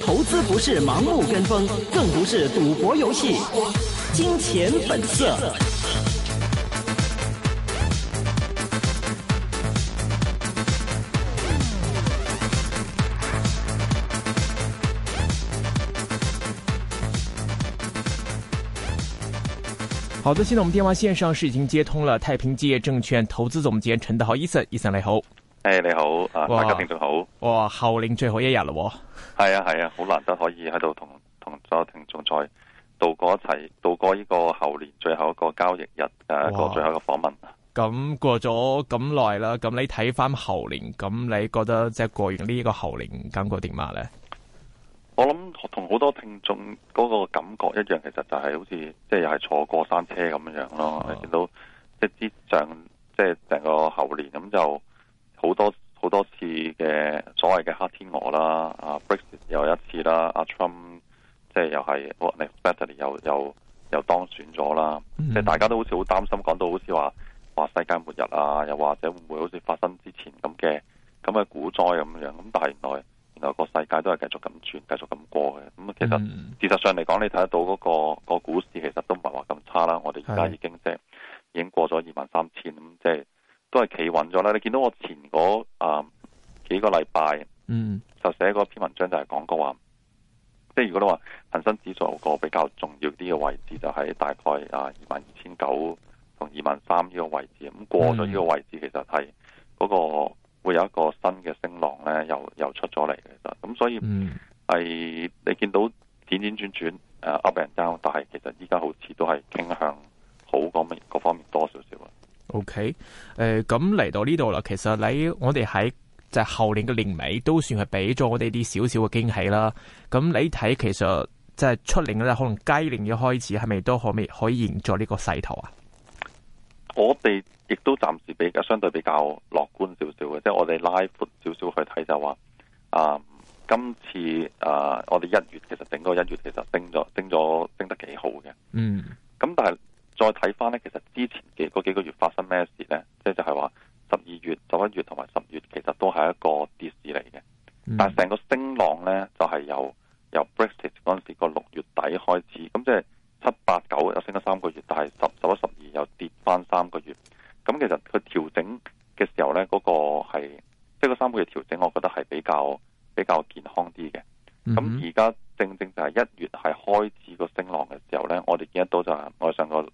投資不是盲目跟風，更不是賭博遊戲，金錢本色。好的，現在我們電話線上是已經接通了太平基業證券投資總監陳德豪，伊森，伊森來好。誒，hey, 你好！啊，大家聽眾好哇！哇，後年最後一日咯、哦，係啊係啊，好、啊、難得可以喺度同同所有聽眾再度過一齊，度過呢個後年最後一個交易日誒，個哇最後一個訪問。咁、嗯、過咗咁耐啦，咁你睇翻後年，咁你覺得即係過完呢一個後年感覺點嘛咧？我諗同好多聽眾嗰個感覺一樣，其實就係好似即係又係坐過山車咁樣樣咯，見、嗯、到即係啲像即係成個後年咁就。好多好多次嘅所謂嘅黑天鵝啦，啊 Brexit 又一次啦，阿、啊、Trump 即係又係，Donald Trump 又又又當選咗啦，mm hmm. 即係大家都好似好擔心，講到好似話話世界末日啊，又或者會唔會好似發生之前咁嘅咁嘅股災咁樣？咁但係原來原來個世界都係繼續咁轉，繼續咁過嘅。咁、嗯 mm hmm. 其實事實上嚟講，你睇得到嗰、個個股市其實都唔係話咁差啦。我哋而家已經即係是已經過咗二萬三千咁即係。都係企穩咗啦，你見到我前嗰啊、呃、幾個禮拜，嗯，就寫嗰篇文章就係講過話，即係如果你話恆生指數個比較重要啲嘅位置就喺大概啊二萬二千九同二萬三呢個位置，咁過咗呢個位置其實係嗰、嗰個會有一個新嘅升浪咧，又又出咗嚟嘅，咁所以係、嗯、你見到轉轉轉轉誒 up and down 但係其實依家好似都係傾向好嗰方面各方面多少少。O K，誒，咁嚟、okay。嗯、到呢度啦，其實你我哋喺就後年嘅年尾都算係俾咗我哋啲少少嘅驚喜啦。咁你睇其實即係出年咧，可能雞年嘅開始係咪都可未可以營造呢個勢頭啊？我哋亦都暫時比較相對比較樂觀少少嘅，即係我哋拉闊少少去睇就話啊、呃，今次啊、呃，我哋一月其實整個一月其實升咗升咗升得幾好嘅。嗯，咁但係。再睇翻咧，其實之前嘅嗰幾個月發生咩事咧？即係就係話十二月、十一月同埋十月，其實都係一個跌市嚟嘅。但係成個升浪咧，就係由由 Brexit 嗰陣時個六月底開始。咁即係七八九又升咗三個月，但係十十一十二又跌翻三個月。咁其實佢調整嘅時候咧，嗰個係即係個三個月調整，我覺得係比較比較健康啲嘅。咁而家正正就係一月係開始個升浪嘅時候咧，我哋見得到就係我上個。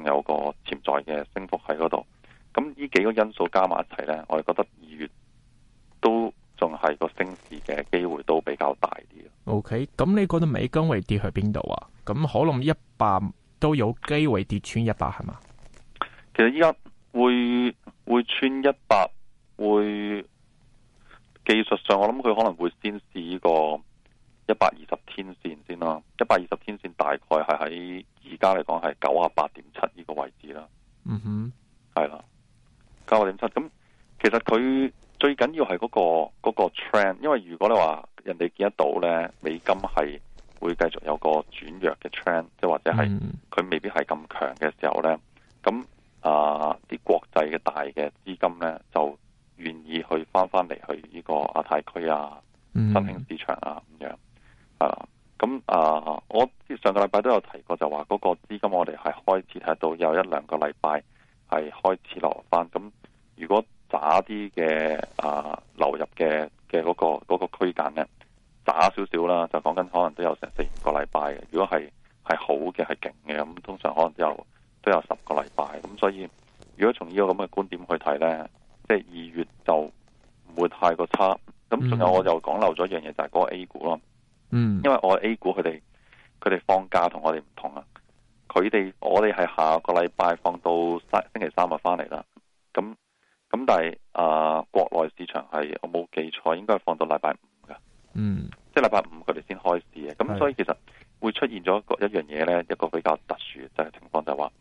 仲有個潛在嘅升幅喺度，咁呢幾個因素加埋一齊咧，我哋覺得二月都仲係個升市嘅機會都比較大啲。OK，咁你覺得美金會跌去邊度啊？咁可能一百都有機會跌穿一百係嘛？其實依家會會穿一百，會技術上我諗佢可能會先試個。一百二十天線先啦，一百二十天線大概係喺而家嚟講係九十八點七呢個位置啦。嗯哼，係啦，九十點七咁。其實佢最緊要係嗰個嗰個 trend，因為如果你話人哋見得到咧，美金係會繼續有個轉弱嘅 trend，即或者係佢未必係咁強嘅時候咧，咁啊啲國際嘅大嘅資金咧就願意去返返嚟去呢個亞太區啊、新興市場啊。嗯嗯個禮拜都有提過，就話嗰個資金我哋係開始睇到有一兩個禮拜係開始落翻。咁如果打啲嘅啊流入嘅嘅嗰個嗰個區間咧打少少啦，就講緊可能都有成四五個禮拜嘅。如果係係好嘅係勁嘅咁，通常可能都有都有十個禮拜。咁所以如果從呢個咁嘅觀點去睇咧，即係二月就唔會太過差。咁仲有我又講漏咗一樣嘢，就係嗰個 A 股咯。嗯，因為我 A 股佢哋。佢哋放假我同我哋唔同啊！佢哋我哋係下個禮拜放到三星期三就翻嚟啦。咁咁，但係啊、呃，國內市場係我冇記錯，應該係放到禮拜五噶。嗯，即係禮拜五佢哋先開市嘅。咁、嗯、所以其實會出現咗一個一樣嘢咧，一個比較特殊嘅情況就係、是、話，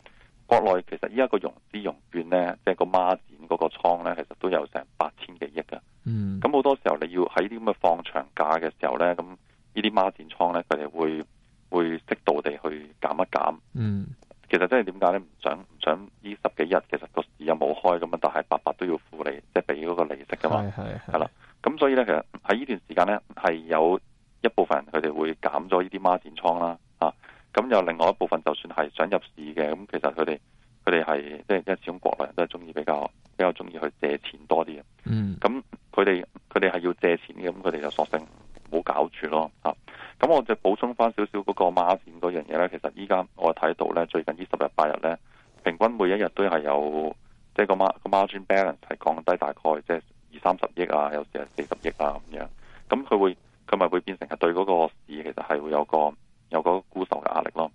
國內其實依家個融資融券咧，即、就、係、是、個孖展嗰個倉咧，其實都有成八千幾億㗎。嗯，咁好多時候你要喺啲咁嘅放長假嘅時候咧，咁呢啲孖展倉咧，佢哋會。會適度地去減一減，嗯，其實真係點解咧？唔想唔想呢十幾日，其實個市又冇開咁啊，但係八八都要付利，即係俾嗰個利息㗎嘛，係啦。咁的的所以咧，其實喺呢段時間咧，係有一部分人佢哋會減咗呢啲孖展倉啦，啊，咁有另外一部分就算係想入市嘅，咁其實佢哋佢哋係即係始終國內人都係中意比較比較中意去借錢多啲嘅，嗯，咁佢哋佢哋係要借錢嘅，咁佢哋就索性。冇搞住咯，嚇！咁我就補充翻少少嗰個孖展嗰樣嘢咧。其實依家我睇到咧，最近呢十日八日咧，平均每一日都係有，即係個孖個 margin balance 係降低大概即係二三十億啊，有時係四十億啊咁樣。咁佢會佢咪會變成係對嗰個市其實係會有個有個沽售嘅壓力咯。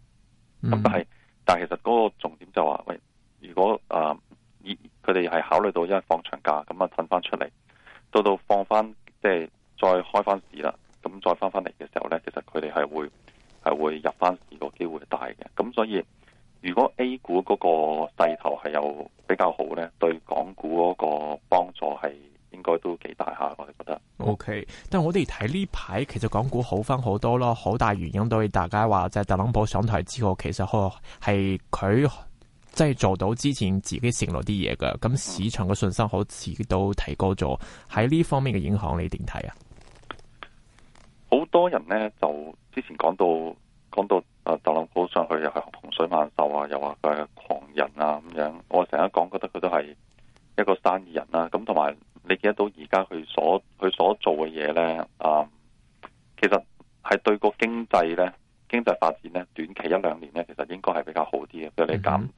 咁但係。我哋睇呢排，其實港股好翻好多咯，好大原因都係大家話即係特朗普上台之後，其實佢係佢即係做到之前自己承諾啲嘢嘅，咁市場嘅信心好似都提高咗。喺呢方面嘅影響，你點睇啊？好多人咧，就之前講到講到，誒，特朗普上去又係洪水猛獸啊，又話佢係狂人啊咁樣。我成日講，覺得佢都係一個生意人啦。咁同埋。你見得到而家佢所佢所做嘅嘢咧，啊，其實係對個經濟咧、經濟發展咧，短期一兩年咧，其實應該係比較好啲嘅。如、就是、你減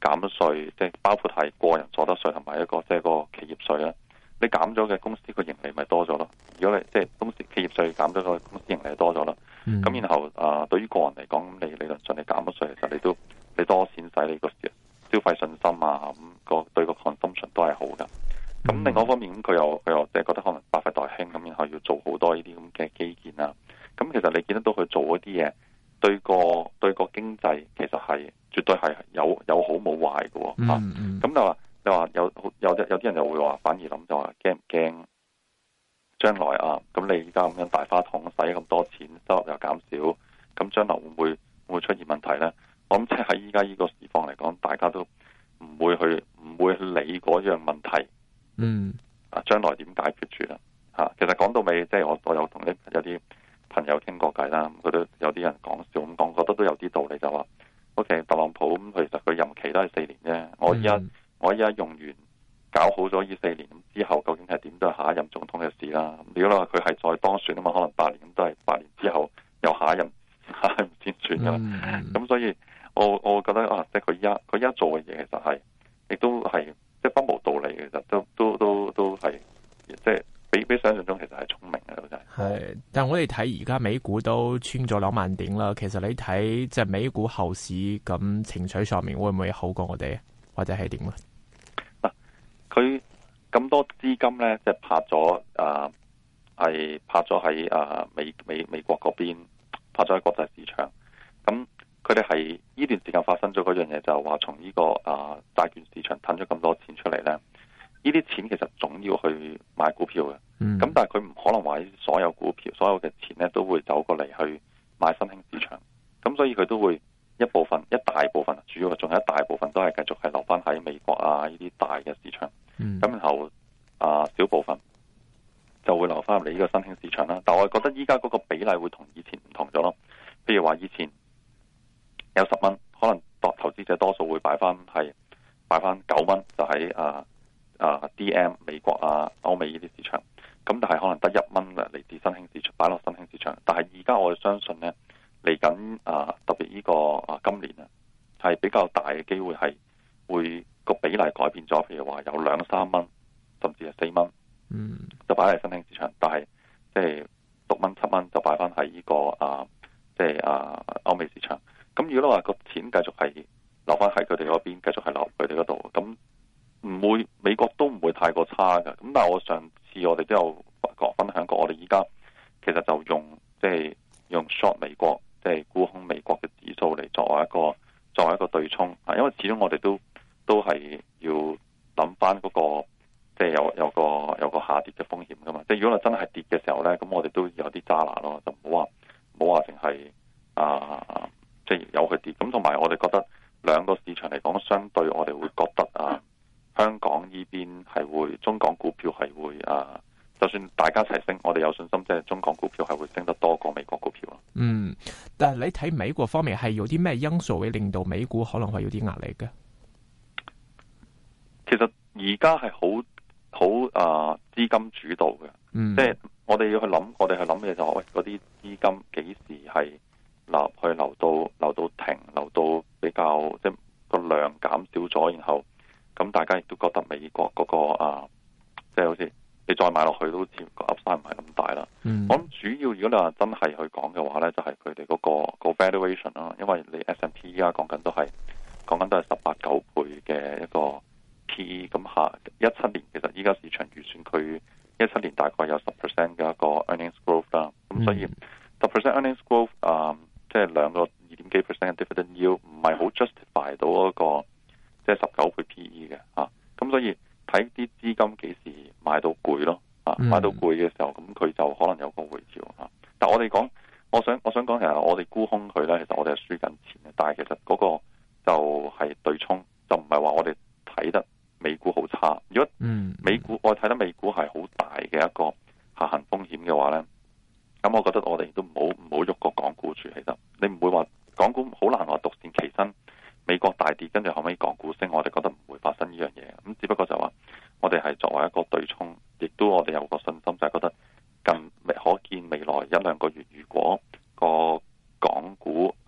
減稅，即係、嗯就是、包括係個人所得稅同埋一個即係、就是、個企業稅啦。你減咗嘅公司個盈利咪多咗咯？如果你即係、就是、公司企業稅減咗個公司盈利多咗咯。咁、嗯、然後啊、呃，對於個人嚟講，咁你理論上你減咗稅，其實你都你多錢使你個消費信心啊、嗯咁、嗯、另外一方面，佢又佢又即係覺得可能百廢待興咁，然後要做好多呢啲咁嘅基建啦。咁其實你見得到佢做嗰啲嘢，對個對個經濟其實係絕對係有有好冇壞嘅喎吓。有啲人講笑咁講，覺得都有啲道理就話，O K，特朗普咁其實佢任期都係四年啫。我依家我依家用完搞好咗呢四年，之後究竟係點都係下一任總統嘅事啦。如果佢係再當選啊嘛，可能八年咁都係八年之後有下一任先選㗎啦。咁、mm hmm. 所以我我覺得啊，即係佢依家佢依家做嘅嘢，其實係亦都係即係不無道理嘅，其實都都都都係即係。比比想象中其實係聰明嘅老細，係但係我哋睇而家美股都穿咗兩萬點啦。其實你睇即係美股後市咁情緒上面會唔會好過我哋，或者係點咧？嗱、啊，佢咁多資金咧，即、就、係、是、拍咗誒，係、啊、拍咗喺誒美美美國嗰邊，拍咗喺國際市場。咁佢哋係呢段時間發生咗嗰樣嘢，就話從呢個誒債券市場揼咗咁多錢出嚟咧。呢啲錢其實總要去買股票嘅，咁、嗯、但係佢唔可能話所有股票、所有嘅錢咧都會走過嚟去買新興市場，咁、嗯、所以佢都會一部分、一大部分，主要仲係一大部分都係繼續係留翻喺美國啊呢啲大嘅市場，咁、嗯、然後啊小部分就會留翻入嚟呢個新興市場啦。但係我覺得依家嗰個比例會同以前唔同咗囉，譬如話以前有十蚊，可能多投資者多數會擺翻係擺翻九蚊，就喺啊。啊，D.M. 美國啊，歐美呢啲市場，咁但係可能得一蚊啊，嚟自新興市場擺落新興市場，但係而家我哋相信咧，嚟緊啊，特別呢個啊今年啊，係比較大嘅機會係會個比例改變咗，譬如話有兩三蚊，甚至係四蚊，嗯，就擺喺新興市場，但係即係六蚊七蚊就擺翻喺呢個啊，即係啊歐美市場，咁如果話個錢繼續係留翻喺佢哋嗰邊，繼續係留佢哋嗰度咁。唔會美國都唔會太過差嘅，咁但係我上次我哋都有講分享過，我哋依家其實就用即係用 short 美國，即係沽空美國嘅指數嚟作為一個作為一個對沖，啊，因為始終我哋都都係要諗翻嗰個，即係有有個有個下跌嘅風險噶嘛，即係如果真係跌嘅時候咧，咁我哋都有啲揸拿咯，就唔好話唔好話淨係啊即係有去跌，咁同埋我哋覺得兩個市場嚟講相對，我哋會覺得啊。香港呢邊係會中港股票係會啊、呃，就算大家一齊升，我哋有信心即係中港股票係會升得多過美國股票啦。嗯，但係你睇美國方面係有啲咩因素會令到美股可能會有啲壓力嘅？其實而家係好好啊，呃、資金主導嘅，嗯、即係我哋要去諗，我哋去諗嘅就喂嗰啲資金幾時係嗱去流到流到停流到。如果你話真係去講嘅話咧，就係佢哋嗰個 valuation 啦、啊，因為你 S&P 而、啊、家講緊都係講緊都係十八九倍嘅一個 P E，咁下一七年其實依家市場預算佢一七年大概有十 percent 嘅一個 earnings growth 啦，咁所以十 percent earnings growth 啊，即係兩個二點幾 percent 嘅、um, 2. 2. dividend yield 唔係好 justify 到嗰個即係十九倍 P E 嘅嚇、啊，咁所以睇啲資金幾時買到攰咯嚇、啊，買到攰嘅時候，咁佢就可能有個回。沽空佢咧，其實我哋係輸緊。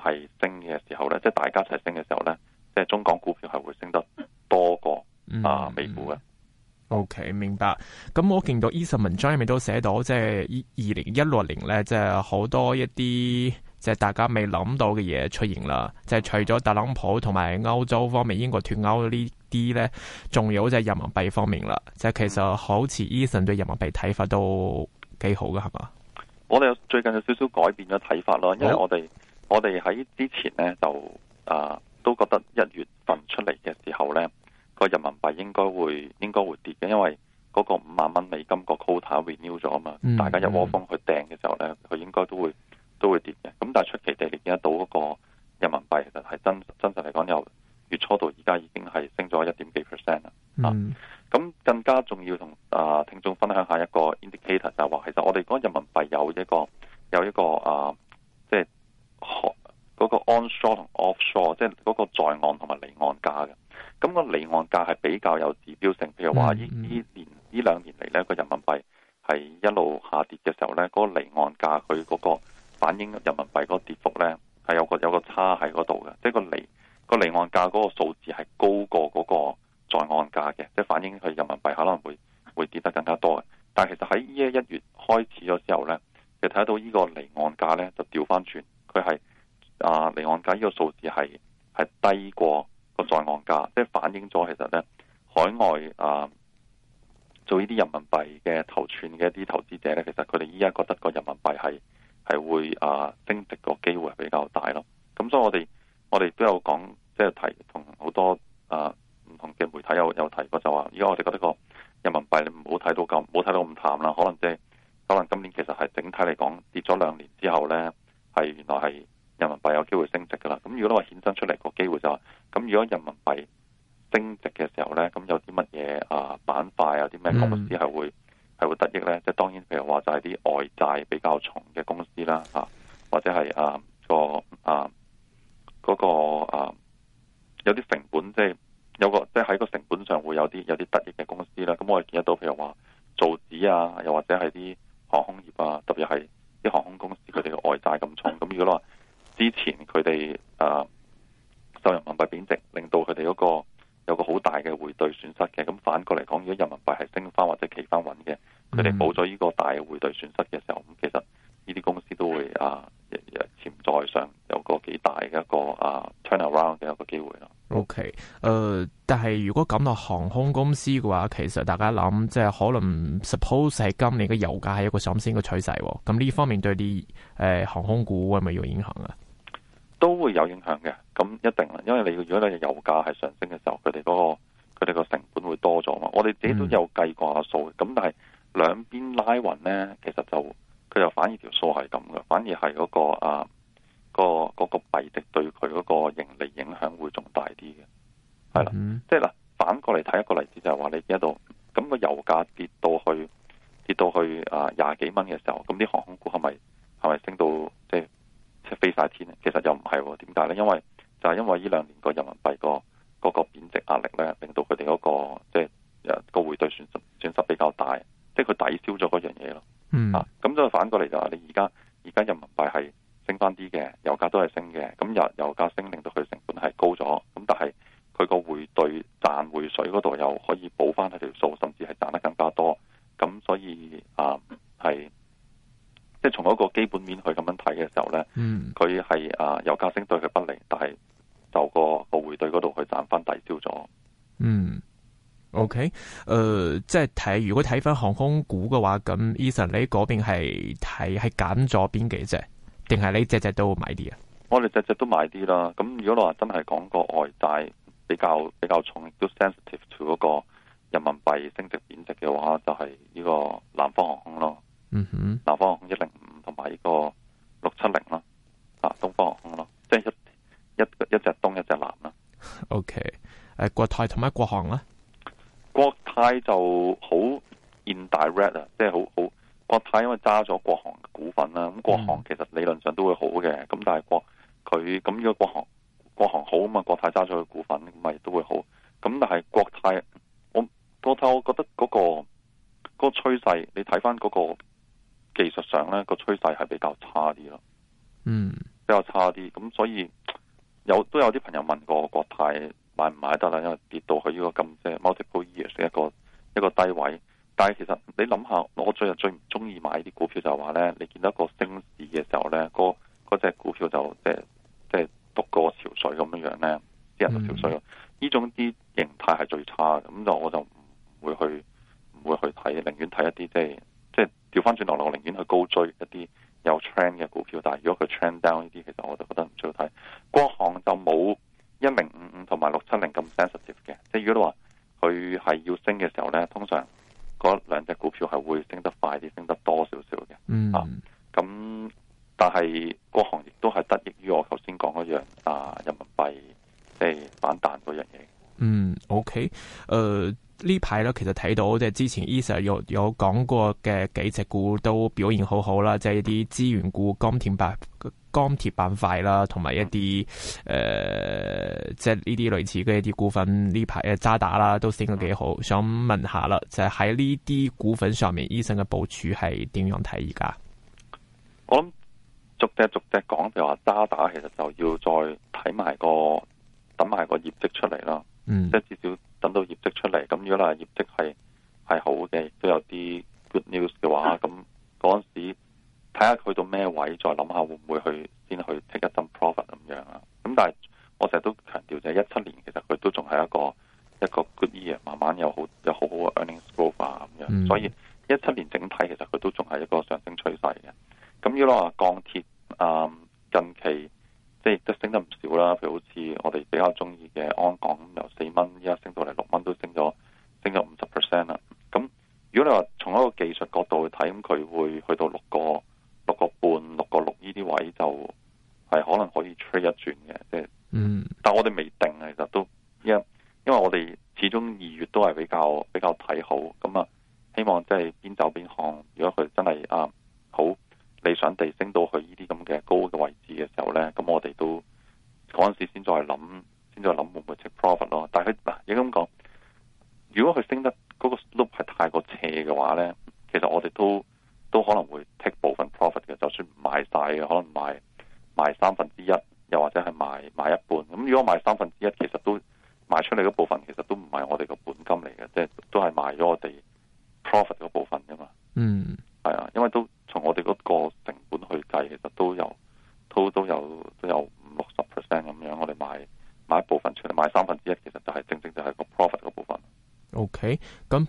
係升嘅時候咧，即係大家一齊升嘅時候咧，即係中港股票係會升得多過啊美股嘅。嗯嗯、o、okay, K，明白。咁我見到 Eason 文章入面都寫到，即係二零一六年咧，即係好多一啲即係大家未諗到嘅嘢出現啦。即係除咗特朗普同埋歐洲方面英國脫歐呢啲咧，仲有就係人民幣方面啦。即係其實好似 Eason 對人民幣睇法都幾好噶，係嘛？我哋最近有少少改變咗睇法咯，因為我哋。我哋喺之前咧就，啊都覺得一月份出嚟嘅時候咧，個人民幣應該會應該會跌嘅，因為嗰個五萬蚊美金個 quota renew 咗啊嘛，大家一窩蜂去訂嘅時候咧，佢應該都會都會跌嘅。咁但係出奇地你見得到嗰個人民幣其實係真真實嚟講，由月初到而家已經係升咗一點幾 percent 啦。嗰個在岸價嘅，即係反映佢人民幣可能會會跌得更加多嘅。但係其實喺呢一月開始咗之後咧，就睇到呢個離岸價咧就調翻轉，佢係啊離岸價呢個數字係係低過個在岸價，即係反映咗其實咧海外啊做呢啲人民幣嘅頭寸嘅一啲投資者咧，其實佢哋依家覺得個人民幣係係會啊升值個機會係比較大咯。咁所以我哋我哋都有講即係、就是、提同好多啊。同嘅媒體有有提過，就話如果我哋覺得個人民幣唔好睇到咁，唔好睇到咁淡啦。可能即係，可能今年其實係整體嚟講跌咗兩年之後咧，係原來係人民幣有機會升值噶啦。咁如果話衍生出嚟個機會就係，咁如果人民幣升值嘅時候咧，咁有啲乜嘢啊板塊啊，啲咩公司係會係會得益咧？即係，mm. 當然，譬如話就係啲外債比較重嘅公司啦，嚇，或者係啊，啊、嗰個啊嗰個啊有啲成本即係。有個即係喺個成本上會有啲有啲得益嘅公司啦，咁我哋見得到譬如話造紙啊，又或者係啲航空業啊，特別係啲航空公司佢哋嘅外債咁重，咁如果話之前佢哋誒受人民幣貶值，令到佢哋嗰個有個好大嘅匯兌損失嘅，咁反過嚟講，如果人民幣係升翻或者企翻穩嘅，佢哋冇咗呢個大匯兌損失嘅時候。如果咁到航空公司嘅話，其實大家諗即係可能，suppose 係今年嘅油價係一個上升嘅趨勢，咁呢方面對啲誒、呃、航空股係咪有影響啊？都會有影響嘅，咁一定啦，因為你如果你，油價係上升嘅時候，佢哋嗰個佢哋個成本會多咗嘛，我哋自己都有。嗯反過嚟睇一個例子就，就係話你而家度咁個油價跌到去跌到去啊廿幾蚊嘅時候，咁啲航空股係咪係咪升到即即、即係、飛晒天咧？其實又唔係，點解咧？因為就係、係、因為呢兩年個人民幣、個嗰、個貶值壓力咧，令到佢哋嗰個即、即係個匯兌損失損失比較大，即佢抵消咗嗰樣嘢咯。嗯，咁再、啊、反過嚟就話你而家而家人民幣係升翻啲嘅，油價都係升嘅，咁油油價升令到佢成本係高咗，咁但係。佢個匯兌賺匯水嗰度又可以補翻喺條數，甚至係賺得更加多。咁所以啊，係、呃、即係從嗰個基本面去咁樣睇嘅時候咧，嗯，佢係啊油價升對佢不利，但係就個個匯兌嗰度去賺翻抵消咗。嗯，OK，誒、呃，即係睇如果睇翻航空股嘅話，咁 Ethan 你嗰邊係睇係揀咗邊幾隻，定係你隻隻都買啲啊？我哋隻隻都買啲啦。咁如果話真係講個外債。比較比較重，都 sensitive 到嗰個人民幣升值貶值嘅話，就係、是、呢個南方航空咯，嗯哼、mm，hmm. 南方航空一零五同埋呢個六七零咯，啊，東方航空咯，即係一一個一隻東一隻南啦。OK，誒，國泰同埋國航咧，國泰就好 indirect 啊，即係好好國泰因為揸咗國航股份啦，咁國航其實理論上都會好嘅。咁但係國佢咁呢個國航國航好啊嘛，國泰揸咗佢股份。係最差嘅，咁就我就唔會去唔會去睇，寧願睇一啲、就是、即係即係調翻轉頭，我寧願去高追一啲有 trend 嘅股票。但係如果佢 trend down 呢啲，其實我就覺得唔需要睇。國行就冇一零五五同埋六七零咁 sensitive 嘅。即係如果你話佢係要升嘅時候咧，通常嗰兩隻股票係會升得快啲，升得多少少嘅。嗯、mm. 啊，咁但係國行亦都係得益於我頭先講嗰樣啊，人民幣即係反彈嗰樣嘢。嗯，OK，誒、呃，呢排咧其實睇到即係之前 Ethan 有有講過嘅幾隻股都表現好好啦，即係一啲資源股、鋼鐵板、鋼鐵板塊啦，同埋一啲誒，即係呢啲類似嘅一啲股份，呢排誒渣打啦都升得幾好，想問下啦，就係喺呢啲股份上面，Ethan 嘅部署係點樣睇而家？我諗逐隻逐隻講，就話渣打其實就要再睇埋個等埋個業績出嚟啦。嗯，即係至少等到業績出嚟，咁如果話業績係係好嘅，都有啲 good news 嘅話，咁嗰陣時睇下去到咩位，再諗下會唔會去先去 take 一針 profit 咁樣啊？咁但係我成日都強調就係一七年其實佢都仲係一個一個 good year，慢慢有好有好好嘅 earnings growth 咁樣，嗯、所以一七年整體其實佢都仲係一個上升趨勢嘅。咁如果話鋼鐵，嗯近期。即係都升得唔少啦，譬如好似我哋比較中意嘅安港，由四蚊依家升到嚟六蚊，都升咗升咗五十 percent 啦。咁如果你話從一個技術角度去睇，咁佢會去到六個、六個半六個六呢啲位，就係可能可以 trade 一轉嘅。即係，嗯，但我哋未定，其實都因為因為我哋始終二月都係比較比較睇好，咁啊，希望即係邊走邊看。如果佢真係啊好。你想地升到去呢啲咁嘅高嘅位置嘅時候咧，咁我哋都陣時先再諗，先再諗會唔會 take profit 咯。但係佢嗱，應該咁講，如果佢升得，嗰個 look 係太過斜嘅話咧，其實我哋都都可能會 take 部分 profit 嘅，就算唔賣晒嘅可能賣賣三分之一，又或者係賣賣一半。咁如果賣三分之一，其實都賣出嚟部分。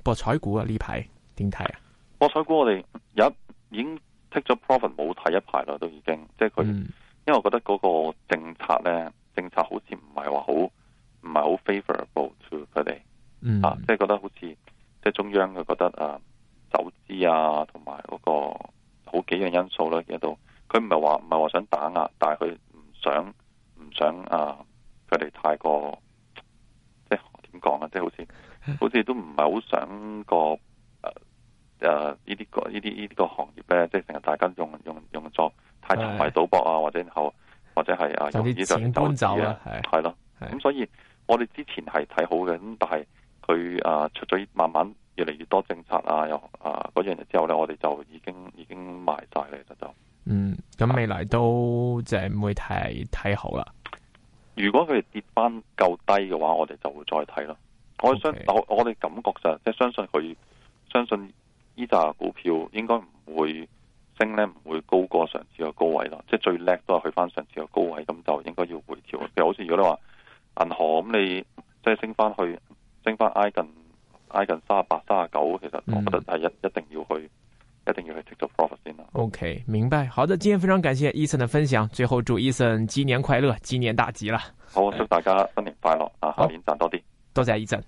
博彩股啊，呢排點睇啊？博彩股我哋有一已經剔咗 profit，冇睇一排啦，都已經。即係佢，嗯、因為我覺得嗰個政策咧，政策好似唔係話好，唔係好 favorable to 佢哋、嗯、啊。即係覺得好似，即係中央佢覺得啊，走資啊，同埋嗰個好幾樣因素咧喺度，佢唔係話唔係話想打壓，但係佢唔想唔想啊，佢哋太過，即係點講啊？即係好似。好似都唔係好想個誒誒呢啲個呢啲呢啲個行業咧，即係成日大家用用用作太沉迷賭博啊，或者後或者係啊，容易就走啦，係係咯。咁所以我哋之前係睇好嘅，咁但係佢啊出咗慢慢越嚟越多政策啊，又啊嗰樣嘢之後咧，我哋就已經已經埋晒咧就就嗯咁未來都即係唔會睇睇好啦。如果佢跌返夠低嘅話，我哋就會再睇咯。Okay. 我相我哋感覺上即係相信佢，相信呢隻股票應該唔會升咧，唔會高過上次嘅高位啦。即係最叻都係去翻上次嘅高位，咁就應該要回調。譬如好似如果你話銀行咁，你即係升翻去，升翻挨近挨近三十八、三十九，其實我覺得係一、嗯、一定要去，一定要去 take、ok、咗 profit 先啦。O、okay, K，明白，好的，今天非常感謝 Ethan 嘅分享。最後祝 Ethan 新年快樂，新年大吉啦！好，祝大家新年快樂啊！下年賺多啲，多謝、Ethan。